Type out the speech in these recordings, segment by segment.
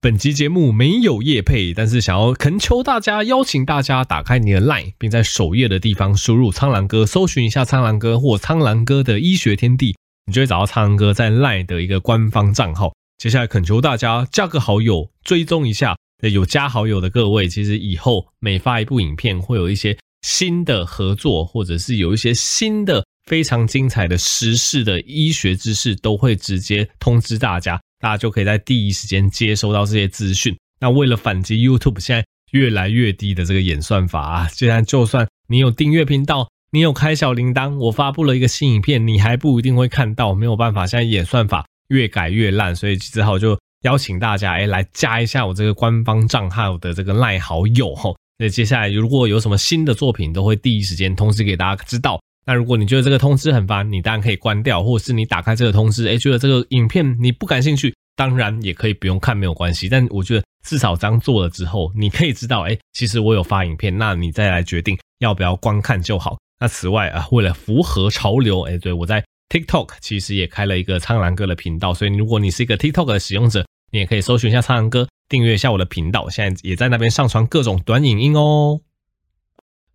本集節目沒有業配，但是想要懇求大家邀請大家打開你的 LINE，並在首頁的地方輸入“蒼藍鴿”，搜尋一下“蒼藍鴿”或“蒼藍鴿”的醫學天地，你就會找到蒼藍鴿在 LINE 的一個官方賬號。接下來懇求大家加個好友，追蹤一下。有加好友的各位，其實以後每發一部影片，會有一些新的合作，或者是有一些新的非常精彩的時事的醫學知識，都會直接通知大家。大家就可以在第一時間接收到這些資訊。那為了反擊 YouTube 現在越來越低的這個演算法啊，既然就算你有訂閱頻道，你有開小鈴鐺，我發布了一個新影片，你還不一定會看到，沒有辦法。現在演算法越改越爛，所以只好就邀請大家哎、欸、來加一下我這個官方賬號的這個賴好友哈。那接下來如果有什麼新的作品，都會第一時間同時給大家知道。那如果你覺得這個通知很煩，你當然可以關掉，或者是你打開這個通知，誒、欸、覺得這個影片你不感興趣，當然也可以不用看沒有關係。但我覺得至少這樣做了之後，你可以知道，誒、欸、其實我有發影片，那你再來決定要不要觀看就好。那此外啊，為了符合潮流，誒、欸、對，我在 TikTok 其實也開了一個蒼藍鴿的頻道，所以如果你是一個 TikTok 的使用者，你也可以搜尋一下蒼藍鴿，訂閱一下我的頻道，現在也在那邊上傳各種短影音哦。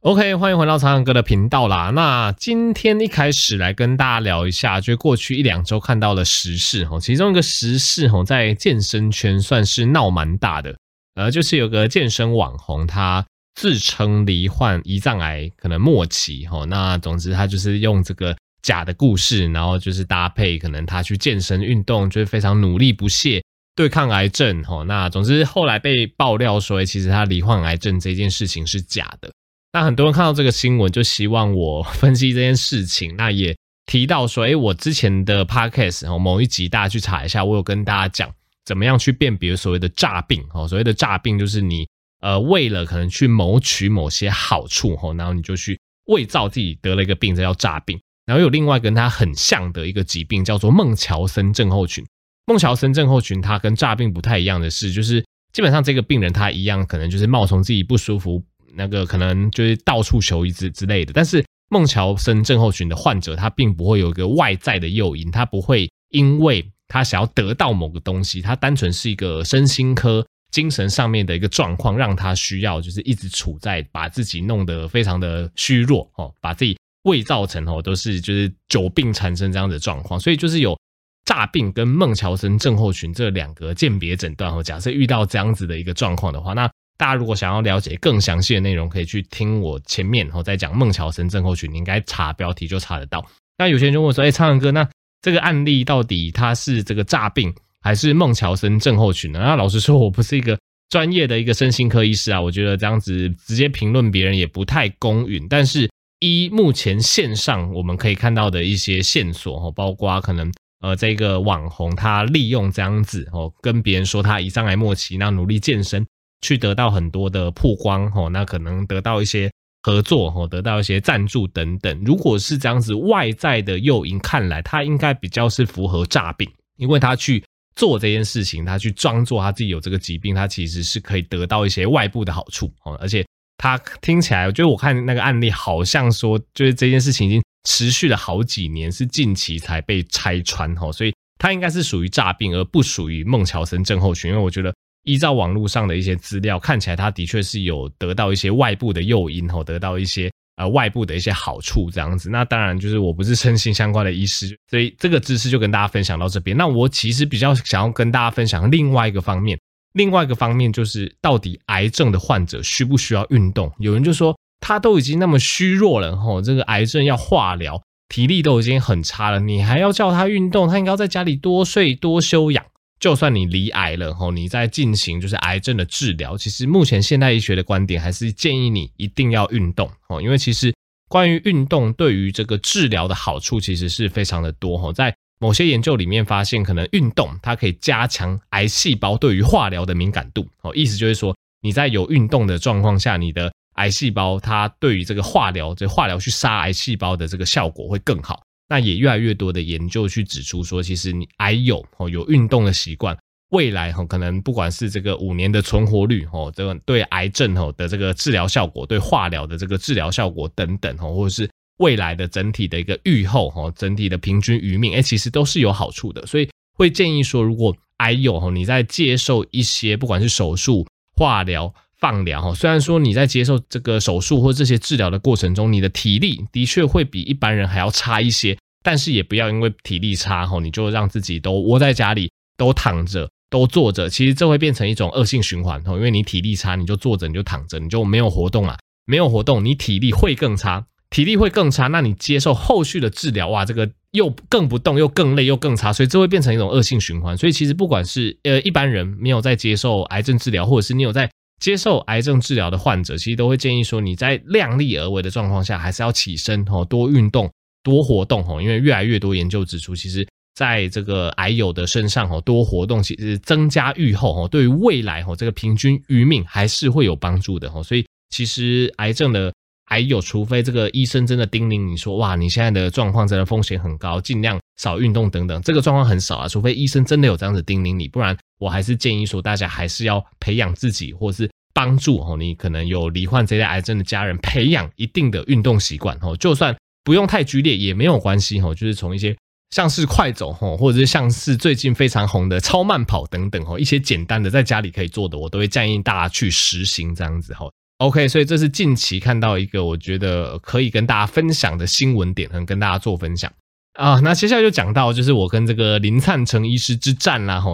OK，歡迎回到蒼藍鴿的頻道啦。那今天一開始來跟大家聊一下，就過去一兩周看到的時事哦。其中一個時事哦，在健身圈算是鬧蠻大的，呃，就是有個健身網紅，他自稱罹患胰臟癌，可能末期哦。那總之他就是用這個假的故事，然後就是搭配可能他去健身運動，就是非常努力不懈對抗癌症哦。那總之後來被爆料說，所以其實他罹患癌症這件事情是假的。那很多人看到這個新聞，就希望我分析這件事情。那也提到說，誒、欸、我之前的 podcast 某一集大家去查一下，我有跟大家講怎麼樣去辨別所謂的詐病，所謂的詐病就是你呃，為了可能去謀取某些好處，然後你就去偽造自己得了一個病，這叫詐病。然後有另外跟他很像的一個疾病叫做孟喬森症候群。孟喬森症候群它跟詐病不太一樣的是，就是基本上這個病人他一樣，可能就是冒充自己不舒服。那個可能就是到處求醫治之類的，但是孟喬森症候群的患者，他並不會有一個外在的誘因，他不會因為他想要得到某個東西，他單純是一個身心科精神上面的一個狀況，讓他需要就是一直處在把自己弄得非常的虛弱哦，把自己偽造成哦，都是就是久病產生這樣的狀況，所以就是有詐病跟孟喬森症候群這兩個鑑別診斷哦，假設遇到這樣子的一個狀況的話，那。大家如果想要了解更詳細的內容，可以去聽我前面後再講孟喬森症候群，你應該查標題就查得到。那有些人就問說：“哎、欸，蒼哥，那這個案例到底他是這個詐病還是孟喬森症候群呢？”那老實說，我不是一個專業的一個身心科醫師啊，我覺得這樣子直接評論別人也不太公允。但是，依目前線上我們可以看到的一些線索，哦，包括可能呃這個網紅他利用這樣子哦跟別人說他胰臟癌末期，那努力健身。去得到很多的曝光吼，那可能得到一些合作吼，得到一些贊助等等。如果是這樣子外在的誘因，看來他應該比較是符合詐病，因為他去做這件事情，他去裝作他自己有這個疾病，他其實是可以得到一些外部的好處哦。而且他聽起來，我覺得我看那個案例好像說，就是這件事情已經持續了好幾年，是近期才被拆穿吼，所以他應該是屬於詐病，而不屬於孟喬森症候群，因為我覺得。依照網絡上的一些資料，看起來他的確是有得到一些外部的誘因吼，得到一些呃外部的一些好處這樣子。那當然，就是我不是身心相關的醫師，所以這個知識就跟大家分享到這邊。那我其實比較想要跟大家分享另外一個方面，另外一個方面就是到底癌症的患者需不需要運動？有人就說他都已經那麼虛弱了，吼，這個癌症要化療，體力都已經很差了，你還要叫他運動，他應該要在家裡多睡多休養。就算你罹癌了吼，你在進行就是癌症的治療，其實目前現代醫學的觀點還是建議你一定要運動哦，因為其實關於運動對於這個治療的好處其實是非常的多哈，在某些研究裡面發現，可能運動它可以加強癌細胞對於化療的敏感度哦，意思就是說你在有運動的狀況下，你的癌細胞它對於這個化療，這化療去殺癌細胞的這個效果會更好。那也越來越多的研究去指出說，其實你癌友哦有運動的習慣，未來哈可能不管是這個五年的存活率哦，這個對癌症哦的這個治療效果，對化療的這個治療效果等等哦，或者是未來的整體的一個預後哈，整體的平均餘命哎、欸，其實都是有好處的。所以會建議說，如果癌友哦，你在接受一些不管是手術、化療、放療哈，雖然說你在接受這個手術或這些治療的過程中，你的體力的確會比一般人還要差一些。但是也不要因為體力差吼，你就讓自己都窩在家裡，都躺着，都坐着，其實這會變成一種惡性循環吼，因為你體力差，你就坐着，你就躺着，你就沒有活動了啊，沒有活動，你體力會更差，體力會更差，那你接受後續的治療哇，這個又更不動，又更累，又更差，所以這會變成一種惡性循環。所以其實不管是呃一般人沒有在接受癌症治療，或者是你有在接受癌症治療的患者，其實都會建議說你在量力而為的狀況下，還是要起身吼，多運動。多活動哈，因為越來越多研究指出，其實在這個癌友的身上哈，多活動其實增加預後哈，對於未來哈這個平均餘命還是會有幫助的哈。所以其實癌症的癌友，除非這個醫生真的叮嚀你說，哇，你現在的狀況真的風險很高，儘量少運動等等，這個狀況很少啊。除非醫生真的有這樣子叮嚀你，不然我還是建議說大家還是要培養自己，或是幫助哦，你可能有罹患這類癌症的家人培養一定的運動習慣哦，就算。不用太劇烈也沒有關係哈，就是從一些像是快走哈，或者是像是最近非常紅的超慢跑等等哈，一些簡單的在家裡可以做的，我都會建議大家去實行這樣子哈。OK，所以這是近期看到一個我覺得可以跟大家分享的新聞點，跟大家做分享啊。那接下來就講到就是我跟這個林燦城醫師之戰啦哈。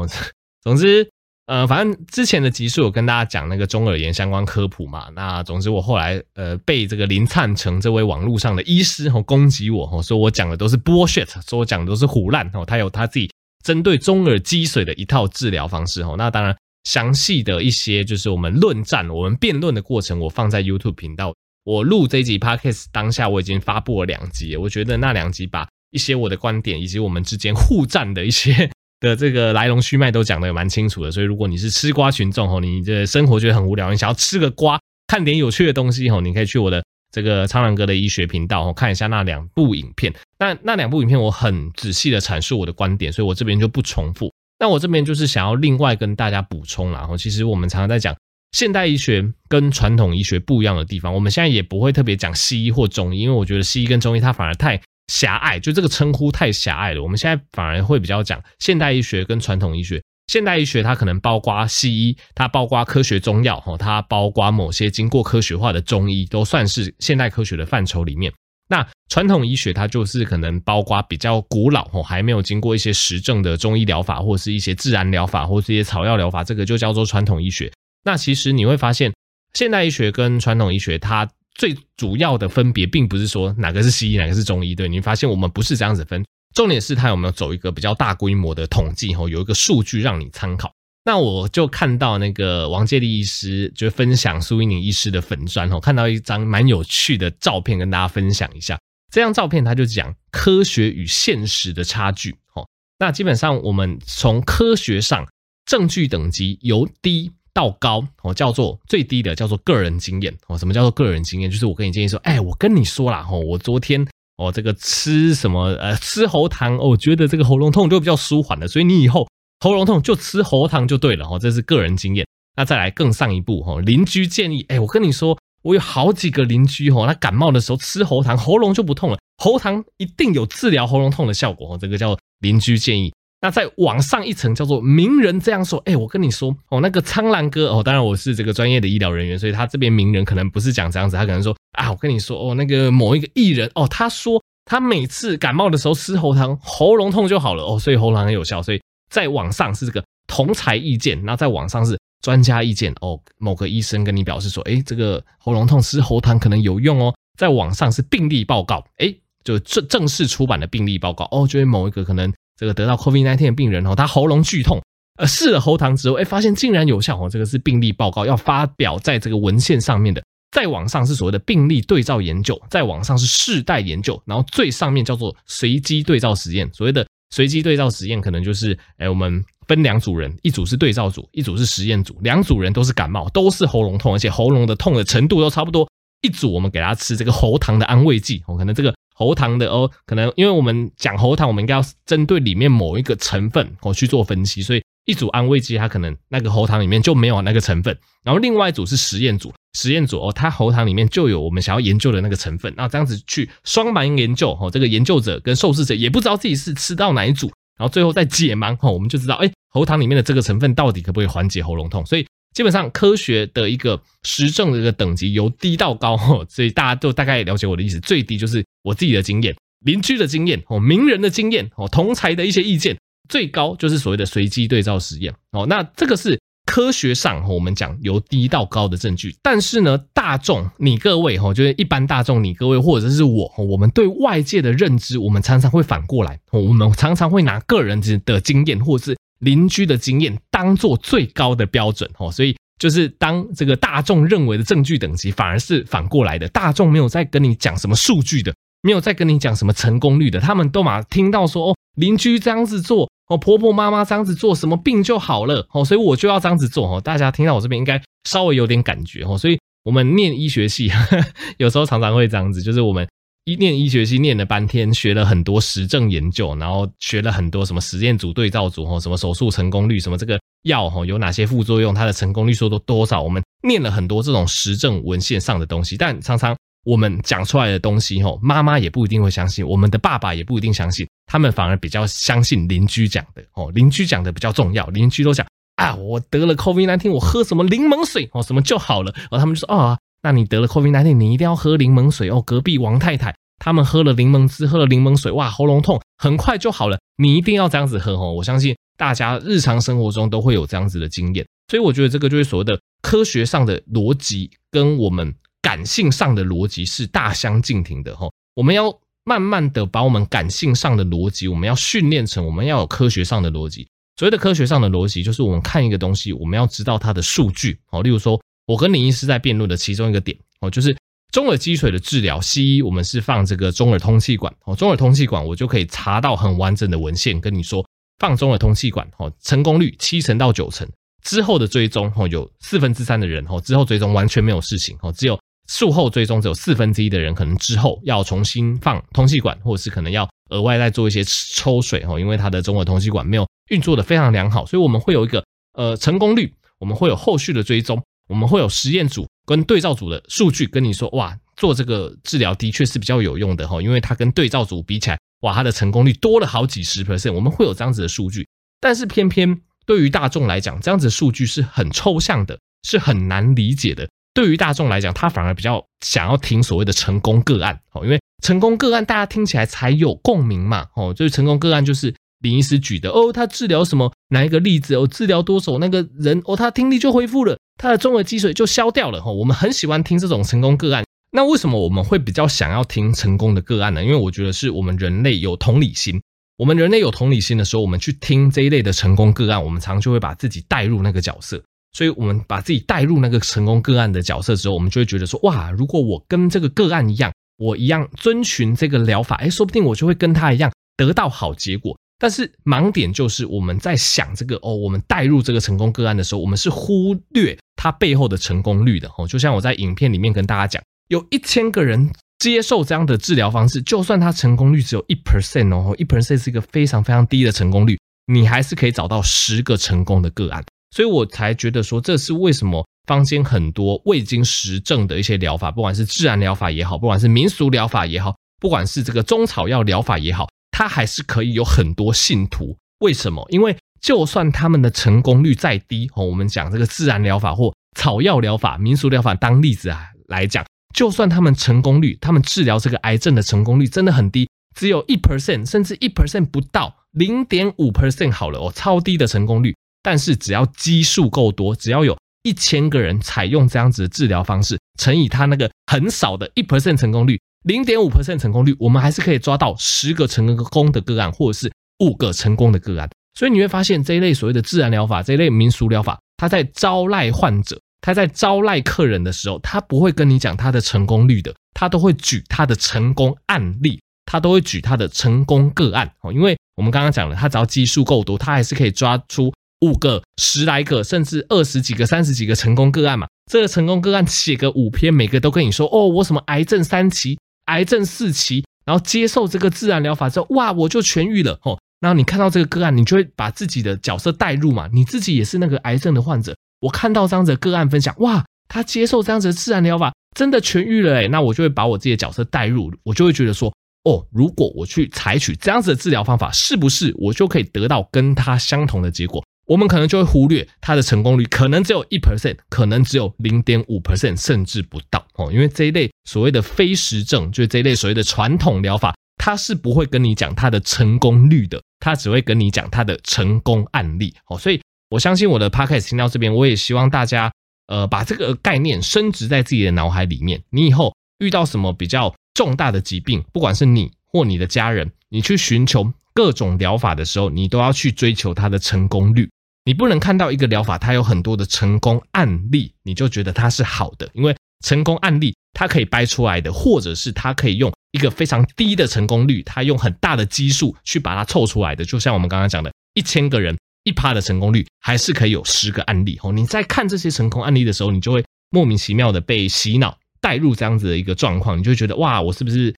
總之。呃，反正之前的集數有跟大家講那個中耳炎相關科普嘛。那總之我後來呃被這個林燦城這位網絡上的醫師吼、哦、攻擊我吼，說、哦、我講的都是 bullshit，說我講的都是唬爛吼。他有他自己針對中耳積水的一套治療方式吼、哦。那當然詳細的一些就是我們論戰、我們辯論的過程，我放在 YouTube 頻道。我錄這一集 podcast 當下我已經發布了兩集，我覺得那兩集把一些我的觀點以及我們之間互戰的一些。的這個來龍去脈都講的也蠻清楚的，所以如果你是吃瓜群眾吼，你的生活覺得很無聊，你想要吃個瓜，看點有趣的東西吼，你可以去我的這個蒼藍鴿的醫學頻道看一下那兩部影片。那那兩部影片我很仔細的闡述我的觀點，所以我這邊就不重複。那我這邊就是想要另外跟大家補充啦，哈，其實我們常常在講現代醫學跟傳統醫學不一樣的地方，我們現在也不會特別講西醫或中醫，因為我覺得西醫跟中醫它反而太。狹隘，就這個稱呼太狹隘了。我們現在反而會比較講現代醫學跟傳統醫學。現代醫學它可能包括西醫，它包括科學中藥，它包括某些經過科學化的中醫，都算是現代科學的範疇裡面。那傳統醫學它就是可能包括比較古老，哈，還沒有經過一些實證的中醫療法，或者是一些自然療法，或者是一些草藥療法，這個就叫做傳統醫學。那其實你會發現，現代醫學跟傳統醫學它。最主要的分別，並不是說哪個是西醫，哪個是中醫，對，你會發現我們不是這樣子分。重點是它有沒有走一個比較大規模的統計，吼，有一個數據讓你參考。那我就看到那個王介利醫師，就分享蘇一寧醫師的粉專，吼，看到一張蠻有趣的照片，跟大家分享一下。這張照片他就講科學與現實的差距，哦，那基本上我們從科學上證據等級由低較高哦，叫做最低的叫做個人經驗哦。什麼叫做個人經驗？就是我跟你建議說，哎、欸，我跟你說了哈，我昨天我這個吃什麼呃，吃喉糖，我覺得這個喉嚨痛就比較舒緩了，所以你以後喉嚨痛就吃喉糖就對了哈。這是個人經驗。那再來更上一步哈，鄰居建議，哎、欸，我跟你說，我有好幾個鄰居哈，他感冒的時候吃喉糖，喉嚨就不痛了，喉糖一定有治療喉嚨痛的效果，這個叫鄰居建議。那再往上一層叫做名人這樣說，哎、欸，我跟你說哦，那個蒼藍鴿哦，當然我是這個專業的醫療人員，所以他這邊名人可能不是講這樣子，他可能說啊，我跟你說哦，那個某一個藝人哦，他說他每次感冒的時候吃喉糖，喉嚨痛就好了哦，所以喉糖很有效。所以再往上是這個同儕意見，那再往上是專家意見哦，某個醫生跟你表示說，哎、欸，這個喉嚨痛吃喉糖可能有用哦。再往上是病例報告，哎、欸，就正正式出版的病例報告哦，就是某一個可能。這個得到 COVID-19 的病人哦，他喉嚨劇痛，呃，試了喉糖之後，哎，發現竟然有效哦。這個是病例報告，要發表在這個文獻上面的。再往上是所謂的病例對照研究，再往上是世代研究，然後最上面叫做隨機對照實驗。所謂的隨機對照實驗，可能就是，哎，我們分兩組人，一組是對照組，一組是實驗組，兩組人都是感冒，都是喉嚨痛，而且喉嚨的痛的程度都差不多。一組我們給他吃這個喉糖的安慰劑，哦，可能這個。喉糖的哦，可能因為我們講喉糖，我們應該要針對裡面某一個成分哦去做分析，所以一組安慰劑它可能那個喉糖裡面就沒有那個成分，然後另外一組是實驗組，實驗組哦它喉糖裡面就有我們想要研究的那個成分，那這樣子去雙盲研究哦，這個研究者跟受試者也不知道自己是吃到哪一組，然後最後再解盲哦，我們就知道哎、欸、喉糖裡面的這個成分到底可不可以緩解喉嚨痛，所以。基本上科學的一個實證的一個等級由低到高，所以大家都大概了解我的意思。最低就是我自己的經驗、鄰居的經驗、名人的經驗、同儕的一些意見；最高就是所謂的隨機對照實驗，哦那這個是科學上我們講由低到高的證據。但是呢，大眾你各位，就是一般大眾你各位或者是我，我們對外界的認知，我們常常會反過來，我們常常會拿個人的的經驗或是。鄰居的經驗當做最高的標準哦，所以就是當這個大眾認為的證據等級反而是反過來的，大眾沒有在跟你講什麼數據的，沒有在跟你講什麼成功率的，他們都嘛聽到說哦，鄰居這樣子做，哦婆婆媽媽這樣子做什麼病就好了哦，所以我就要這樣子做哦，大家聽到我這邊應該稍微有點感覺哦，所以我們念醫學系 有時候常常會這樣子，就是我們。一念醫學系，念了半天，學了很多實證研究，然後學了很多什麼實驗組、對照組，吼，什麼手術成功率，什麼這個藥吼有哪些副作用，它的成功率說都多少，我們念了很多這種實證文獻上的東西，但常常我們講出來的東西，吼，媽媽也不一定會相信，我們的爸爸也不一定相信，他們反而比較相信鄰居講的，吼，鄰居講的，的比較重要，鄰居都講啊，我得了 COVID-19，我喝什麼檸檬水哦，什麼就好了，然後他們就說啊。那你得了 COVID-19，你一定要喝檸檬水哦。隔壁王太太他們喝了檸檬汁，喝了檸檬水，哇，喉嚨痛，很快就好了。你一定要這樣子喝吼、哦，我相信大家日常生活中都會有這樣子的經驗，所以我覺得這個就是所謂的科學上的邏輯，跟我們感性上的邏輯是大相徑庭的吼、哦，我們要慢慢的把我們感性上的邏輯，我們要訓練成我們要有科學上的邏輯。所謂的科學上的邏輯，就是我們看一個東西，我們要知道它的數據哦。例如說，我跟林醫師在辯論的其中一個點哦，就是中耳積水的治療，西醫我們是放這個中耳通氣管哦，中耳通氣管我就可以查到很完整的文獻跟你說，放中耳通氣管哦，成功率七成到九成，之後的追蹤哦，有四分之三的人哦，之後追蹤完全沒有事情哦，只有術後追蹤只有四分之一的人可能之後要重新放通氣管，或者是可能要額外再做一些抽水哦，因為他的中耳通氣管沒有運作的非常良好，所以我們會有一個呃成功率，我們會有後續的追蹤。我們會有實驗組跟對照組的數據跟你說，哇，做這個治療的確是比較有用的吼，因為它跟對照組比起來，哇，它的成功率多了好幾十 percent。我們會有這樣子的數據，但是偏偏對於大眾來講，這樣子的數據是很抽象的，是很難理解的。對於大眾來講，他反而比較想要聽所謂的成功個案，哦，因為成功個案大家聽起來才有共鳴嘛，哦，就是成功個案就是。臨時舉的哦，他治療什麼？哪一個例子哦，治療多少那個人哦，他聽力就恢復了，他的中耳積水就消掉了吼。我們很喜歡聽這種成功個案。那為什麼我們會比較想要聽成功的個案呢？因為我覺得是我們人類有同理心。我們人類有同理心的時候，我們去聽這一類的成功個案，我們常就會把自己帶入那個角色。所以，我們把自己帶入那個成功個案的角色之後，我們就會覺得說：哇，如果我跟這個個案一樣，我一樣遵循這個療法，哎，說不定我就會跟他一樣得到好結果。但是盲點就是我們在想這個哦，我們帶入這個成功個案的時候，我們是忽略它背後的成功率的哦。就像我在影片裡面跟大家講，有一千個人接受這樣的治療方式，就算它成功率只有一 percent 哦，一 percent 是一個非常非常低的成功率，你還是可以找到十個成功的個案。所以我才覺得說，這是為什麼坊間很多未經實證的一些療法，不管是自然療法也好，不管是民俗療法也好，不管是這個中草藥療法也好。他還是可以有很多信徒，為什麼？因為就算他們的成功率再低，哦，我們講這個自然療法或草藥療法、民俗療法當例子啊來講，就算他們成功率，他們治療這個癌症的成功率真的很低，只有一 percent，甚至一 percent 不到，零點五 percent，好了哦，超低的成功率。但是只要基數夠多，只要有一千個人採用這樣子的治療方式，乘以他那個很少的一 percent 成功率。零點五 percent 成功率，我們還是可以抓到十個成功的個案，或者是五個成功的個案。所以你會發現這一類所謂的自然療法，這一類民俗療法，它在招徠患者，它在招徠客人的時候，他不會跟你講他的成功率的，他都會舉他的成功案例，他都會舉他的成功個案。哦，因為我們剛剛講了，他只要基數夠多，他還是可以抓出五個、十來個，甚至二十幾個、三十幾個成功個案嘛。這個成功個案寫個五篇，每個都跟你說，哦，我什麼癌症三期。癌症四期，然後接受這個自然療法之後，哇，我就痊癒了哦。然後你看到這個個案，你就會把自己的角色帶入嘛，你自己也是那個癌症的患者。我看到這樣子的個案分享，哇，他接受這樣子的自然療法，真的痊癒了誒，那我就會把我自己的角色帶入，我就會覺得說，哦，如果我去採取這樣子的治療方法，是不是我就可以得到跟他相同的結果？我們可能就會忽略它的成功率可，可能只有一 percent，可能只有零點五 percent，甚至不到哦。因為這一類所謂的非實證，就這一類所謂的傳統療法，它是不會跟你講它的成功率的，它只會跟你講它的成功案例哦。所以，我相信我的 podcast 聽到這邊，我也希望大家，呃，把這個概念深植在自己的腦海裡面。你以後遇到什麼比較重大的疾病，不管是你或你的家人，你去尋求各種療法的時候，你都要去追求它的成功率。你不能看到一個療法，它有很多的成功案例，你就覺得它是好的，因為成功案例它可以掰出來的，或者是它可以用一個非常低的成功率，它用很大的基數去把它湊出來的。就像我們剛剛講的，一千個人一趴的成功率，還是可以有十個案例。吼，你在看這些成功案例的時候，你就會莫名其妙的被洗腦，帶入這樣子的一個狀況，你就會覺得哇，我是不是？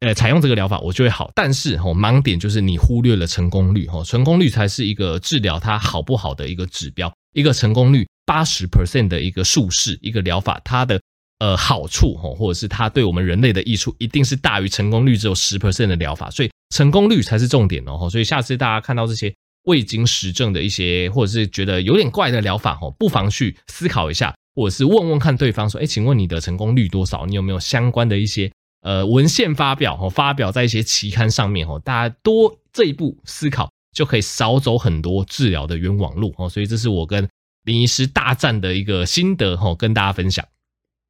呃，採用這個療法我就會好，但是吼、哦，盲點就是你忽略了成功率，吼，成功率才是一個治療它好不好的一個指標，一個成功率八十 percent 的一個術式一個療法，它的呃好處吼，或者是它對我們人類的益處，一定是大於成功率只有十 percent 的療法，所以成功率才是重點哦，所以下次大家看到這些未經實證的一些，或者是覺得有點怪的療法吼，不妨去思考一下，或者是問問看對方說，哎、欸，請問你的成功率多少？你有沒有相關的一些？呃，文獻發表哦，發表在一些期刊上面哦，大家多這一步思考，就可以少走很多治療的冤枉路哦。所以這是我跟林醫師大戰的一個心得哦，跟大家分享。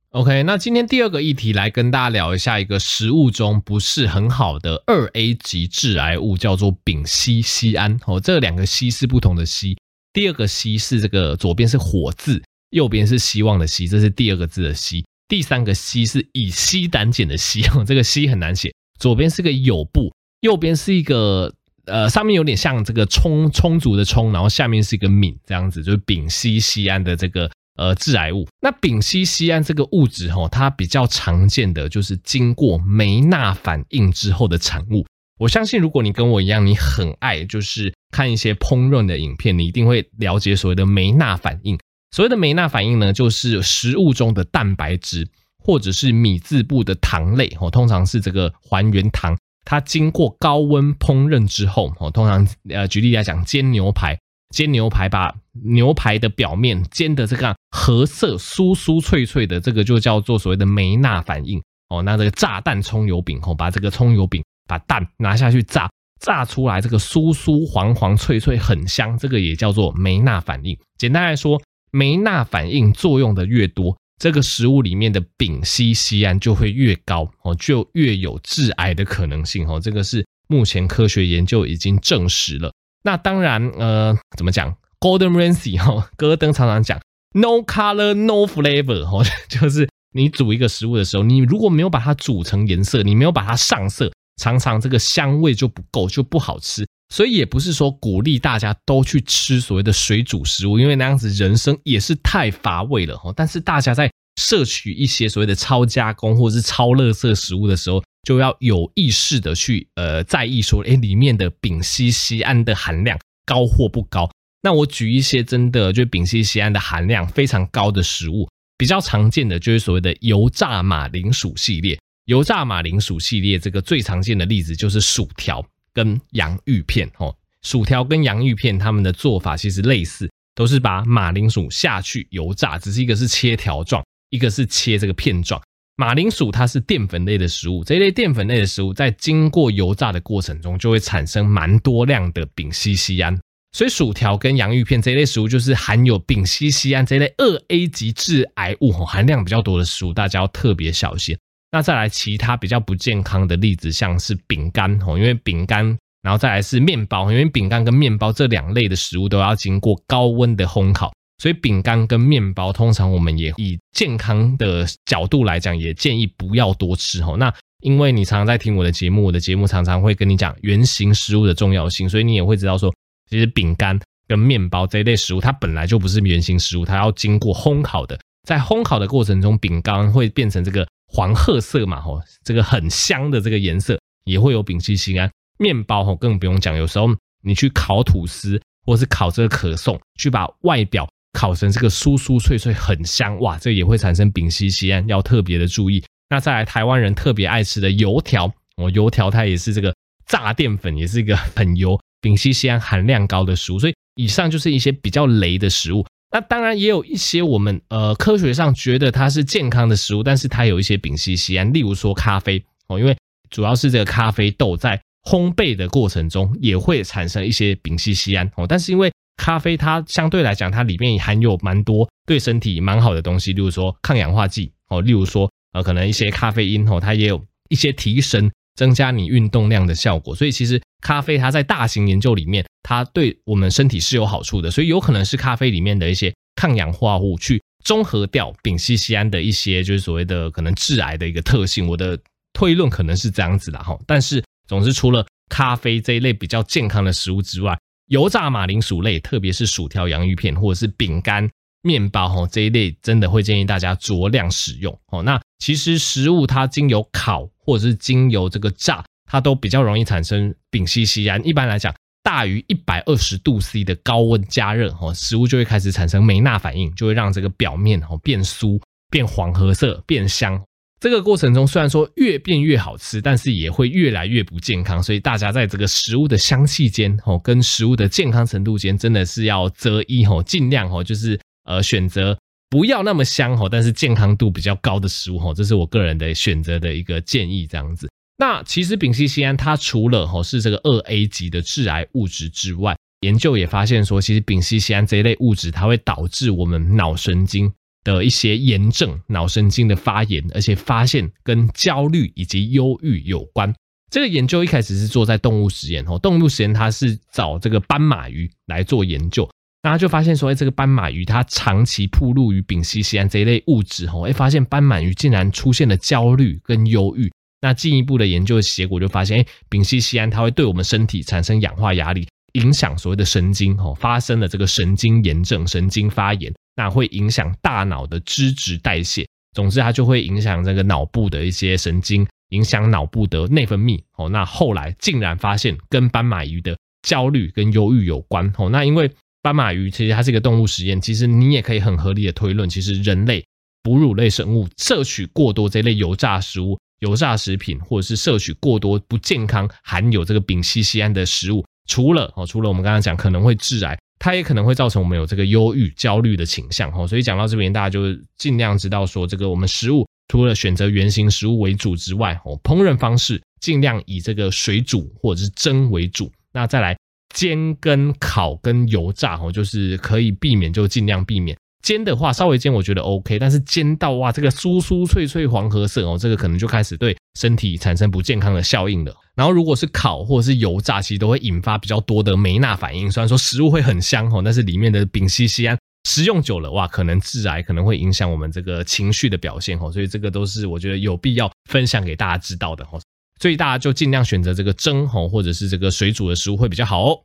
OK，那今天第二個議題來跟大家聊一下一個食物中不是很好的二 A 級致癌物，叫做丙烯酰胺哦。這兩個“烯”是不同的“烯”，第二個“烯”是這個左邊是火字，右邊是希望的“希”，這是第二個字的“希”。第三個“醯”是乙酰膽鹼的“醯”哦。這個“醯”很難寫，左邊是個“酉部，右邊是一個呃，上面有點像這個充充足的“充”，然後下面是一個“皿，這樣子，就是丙烯酰胺的這個呃致癌物。那丙烯酰胺這個物質哈，它比較常見的就是經過梅納反應之後的產物。我相信，如果你跟我一樣，你很愛就是看一些烹飪的影片，你一定會了解所謂的梅納反應。所謂的梅納反應呢，就是食物中的蛋白質或者是米字部的糖類哦，通常是這個還原糖，它經過高溫烹飪之後哦，通常呃，舉例來講，煎牛排，煎牛排把牛排的表面煎的這個褐色酥酥脆脆的，這個就叫做所謂的梅納反應哦。那這個炸蛋蔥油餅哦，把這個蔥油餅把蛋拿下去炸，炸出來這個酥酥黃黃脆脆很香，這個也叫做梅納反應。簡單來說。梅納反應作用的越多，這個食物裡面的丙烯酰胺就會越高哦，就越有致癌的可能性哦。這個是目前科學研究已經證實了。那當然，呃，怎麼講？Golden Ramsay 哈，戈登常常講，no color, no flavor 哈、哦，就是你煮一個食物的時候，你如果沒有把它煮成顏色，你沒有把它上色，常常這個香味就不夠，就不好吃。所以也不是說鼓勵大家都去吃所謂的水煮食物，因為那樣子人生也是太乏味了哈。但是大家在攝取一些所謂的超加工或者是超垃圾食物的時候，就要有意識的去呃在意說，哎、欸，裡面的丙烯酰胺的含量高或不高。那我舉一些真的就丙烯酰胺的含量非常高的食物，比較常見的就是所謂的油炸馬鈴薯系列。油炸馬鈴薯系列這個最常見的例子就是薯條。跟洋芋片，哦，薯條跟洋芋片，它們的做法其實類似，都是把馬鈴薯下去油炸，只是一個是切條狀，一個是切這個片狀。馬鈴薯它是澱粉類的食物，這一類澱粉類的食物在經過油炸的過程中，就會產生蠻多量的丙烯酰胺。所以薯條跟洋芋片這一類食物，就是含有丙烯酰胺這一類二 A 級致癌物含，含量比較多的食物，大家要特別小心。那再來其他比較不健康的例子，像是餅乾哦，因為餅乾，然後再來是麵包，因為餅乾跟麵包這兩類的食物都要經過高溫的烘烤，所以餅乾跟麵包通常我們也以健康的角度來講，也建議不要多吃哦。那因為你常常在聽我的節目，我的節目常，常常會跟你講原型食物的重要性，所以你也會知道說，其實餅乾跟麵包這一類食物它本來就不是原型食物，它要經過烘烤的，在烘烤的過程中，餅乾會變成這個。黃褐色嘛，吼，這個很香的這個顏色也會有丙烯酰胺麵包吼，更不用講，有時候你去烤吐司或是烤這個可頌，去把外表烤成這個酥酥脆脆，很香，哇，這也會產生丙烯酰胺要特別的注意。那再來，台灣人特別愛吃的油條，我油條它也是這個炸澱粉，也是一個很油、丙烯酰胺含量高的食物。所以，以上就是一些比較雷的食物。那當然也有一些我們呃科學上覺得它是健康的食物，但是它有一些丙烯酰胺，例如說咖啡哦，因為主要是這個咖啡豆在烘焙的過程中也會產生一些丙烯酰胺哦，但是因為咖啡它相對來講它裡面含有蠻多對身體蠻好的東西，例如說抗氧化劑哦，例如說呃可能一些咖啡因哦，它也有一些提神。增加你運動量的效果，所以其實咖啡它在大型研究裡面，它對我們身體是有好處的，所以有可能是咖啡裡面的一些抗氧化物去中和掉丙烯酰胺的一些就是所謂的可能致癌的一個特性。我的推論可能是這樣子啦哈，但是總之除了咖啡這一類比較健康的食物之外，油炸馬鈴薯類，特別是薯條、洋芋片或者是餅乾、麵包哈這一類，真的會建議大家酌量使用哦。那。其實食物它經由烤或者是經由這個炸，它都比較容易產生丙烯酰胺。一般來講，大於一百二十度 C 的高溫加熱，哦，食物就會開始產生梅納反應，就會讓這個表面哦變酥、變黃褐色、變香。這個過程中雖然說越變越好吃，但是也會越來越不健康。所以大家在這個食物的香氣間，哦，跟食物的健康程度間，真的是要擇一哦，盡量哦，就是呃選擇。不要那麼香哈，但是健康度比較高的食物哈，這是我個人的選擇的一個建議這樣子。那其實丙烯酰胺它除了哈是這個 2A 級的致癌物質之外，研究也發現說，其實丙烯酰胺這一類物質它會導致我們腦神經的一些炎症、腦神經的發炎，而且發現跟焦慮以及憂鬱有關。這個研究一開始是做在動物實驗，哈，動物實驗它是找這個斑馬魚來做研究。然後就發現，說哎，這個斑馬魚它長期曝露於丙烯酰胺這一類物質，哦，哎，發現斑馬魚竟然出現了焦慮跟憂鬱。那進一步的研究的結果就發現，哎、欸，丙烯酰胺它會對我們身體產生氧化壓力，影響所謂的神經，哦、喔，發生了這個神經炎症、神經發炎，那會影響大腦的脂質代謝。總之，它就會影響這個腦部的一些神經，影響腦部的內分泌。哦、喔，那後來竟然發現跟斑馬魚的焦慮跟憂鬱有關。哦、喔，那因為斑馬魚其實它是一個動物實驗，其實你也可以很合理的推論，其實人類哺乳類生物攝取過多這類油炸食物、油炸食品，或者是攝取過多不健康、含有這個丙烯酰胺的食物，除了哦，除了我們剛剛講可能會致癌，它也可能會造成我們有這個憂鬱、焦慮的傾向哦。所以講到這邊，大家就盡量知道說，這個我們食物除了選擇原型食物為主之外，哦，烹飪方式盡量以這個水煮或者是蒸為主。那再來。煎跟烤跟油炸哦，就是可以避免，就儘量避免。煎的話，稍微煎我覺得 OK，但是煎到哇，這個酥酥脆脆、黃褐色哦，這個可能就開始對身體產生不健康的效應了。然後如果是烤或者是油炸，其實都會引發比較多的梅納反應。雖然說食物會很香哦，但是裡面的丙烯酰胺食用久了哇，可能致癌，可能會影響我們這個情緒的表現哦。所以這個都是我覺得有必要分享給大家知道的哦。所以大家就盡量選擇這個蒸紅或者是這個水煮的食物會比較好哦。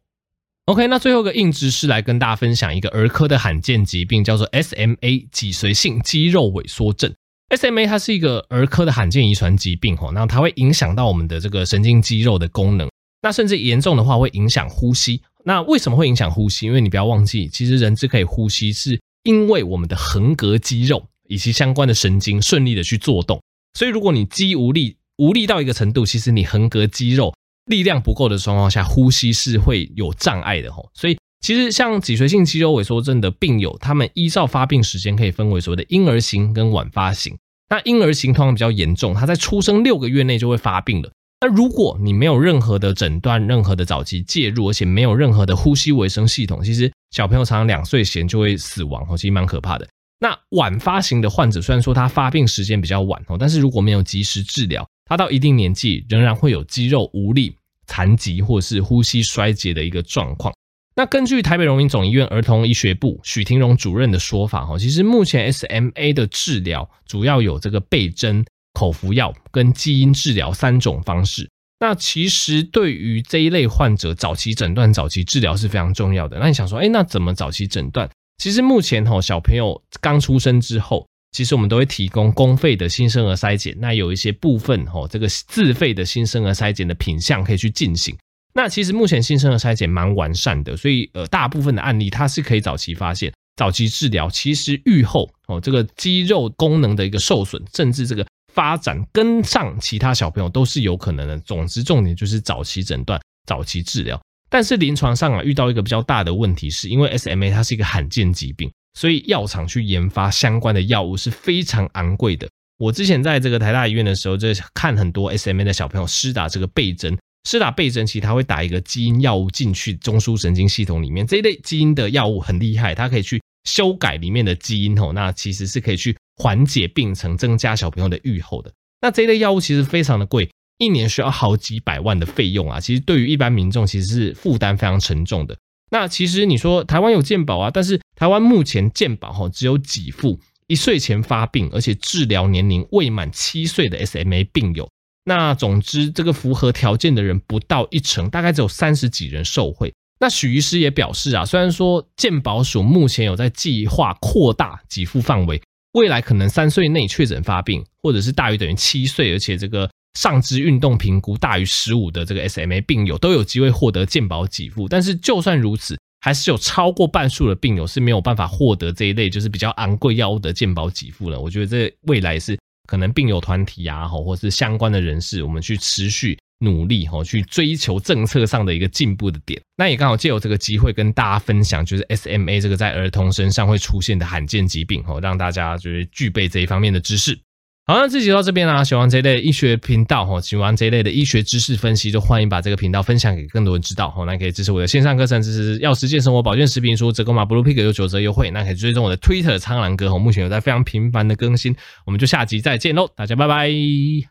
OK，那最後一個硬知識，來跟大家分享一個兒科的罕見疾病，叫做 SMA 脊髓性肌肉萎縮症。SMA 它是一個兒科的罕見遺傳疾病哦，那它會影響到我們的這個神經肌肉的功能，那甚至嚴重的話會影響呼吸。那為什麼會影響呼吸？因為你不要忘記，其實人之所以可以呼吸，是因為我們的橫膈肌肉以及相關的神經順利的去做動。所以如果你肌無力，無力到一個程度，其實你橫膈肌肉力量不夠的狀況下，呼吸是會有障礙的吼。所以其實像脊髓性肌肉萎縮症的病友，他們依照發病時間可以分為所謂的嬰兒型跟晚發型。那嬰兒型通常比較嚴重，他在出生六個月內就會發病了。那如果你沒有任何的診斷、任何的早期介入，而且沒有任何的呼吸維生系統，其實小朋友常常兩歲前就會死亡，其實蠻可怕的。那晚發型的患者雖然說他發病時間比較晚，但是如果沒有及時治療，他到一定年紀，仍然會有肌肉無力、殘疾或是呼吸衰竭的一個狀況。那根據台北榮民總醫院兒童醫學部許庭榮主任的說法，哈，其實目前 SMA 的治療主要有這個背針、口服藥跟基因治療三種方式。那其實對於這一類患者，早期診斷、早期治療是非常重要的。那你想說，哎，那怎麼早期診斷？其實目前，哈，小朋友剛出生之後。其實我們都會提供公費的新生兒篩檢，那有一些部分哦，這個自費的新生兒篩檢的品項可以去進行。那其實目前新生兒篩檢蠻完善的，所以呃，大部分的案例它是可以早期發現、早期治療。其實預後哦，這個肌肉功能的一個受損，甚至這個發展跟上其他小朋友都是有可能的。總之，重點就是早期診斷、早期治療。但是臨床上啊，遇到一個比較大的問題是，是因為 SMA 它是一個罕見疾病。所以藥廠去研發相關的藥物是非常昂貴的。我之前在這個台大醫院的時候，就看很多 SMA 的小朋友施打這個背針。施打背針，其實他會打一個基因藥物進去中樞神經系統裡面。這一類基因的藥物很厲害，它可以去修改裡面的基因哦。那其實是可以去緩解病程，增加小朋友的預後的。那這一類藥物其實非常的貴，一年需要好幾百萬的費用啊。其實對於一般民眾，其實是負擔非常沉重的。那其實你說台灣有健保啊，但是台灣目前健保哈只有給付一歲前發病，而且治療年齡未滿七歲的 SMA 病友。那總之這個符合條件的人不到一成，大概只有三十幾人受惠。那許醫師也表示啊，雖然說健保署目前有在計劃擴大給付範圍，未來可能三歲內確診發病，或者是大於等於七歲，而且這個。上肢運動評估大於十五的這個 SMA 病友都有機會獲得健保給付，但是就算如此，還是有超過半數的病友是沒有辦法獲得這一類就是比較昂貴藥物的健保給付了。我覺得這未來是可能病友團體啊，或或是相關的人士，我們去持續努力，哈，去追求政策上的一個進步的點。那也剛好借由這個機會跟大家分享，就是 SMA 這個在兒童身上會出現的罕見疾病，哈，讓大家就是具備這一方面的知識。好，那這集就到這邊啦、啊。喜歡這類醫學頻道吼，喜歡這類的醫學知識分析，就歡迎把這個頻道分享給更多人知道吼。那可以支持我的線上課程，支持藥師健生活保健食品輸折扣碼，bluepig 有九折優惠。那可以追蹤我的 Twitter 蒼藍鴿吼，目前有在非常頻繁的更新。我們就下集再見嘍，大家拜拜。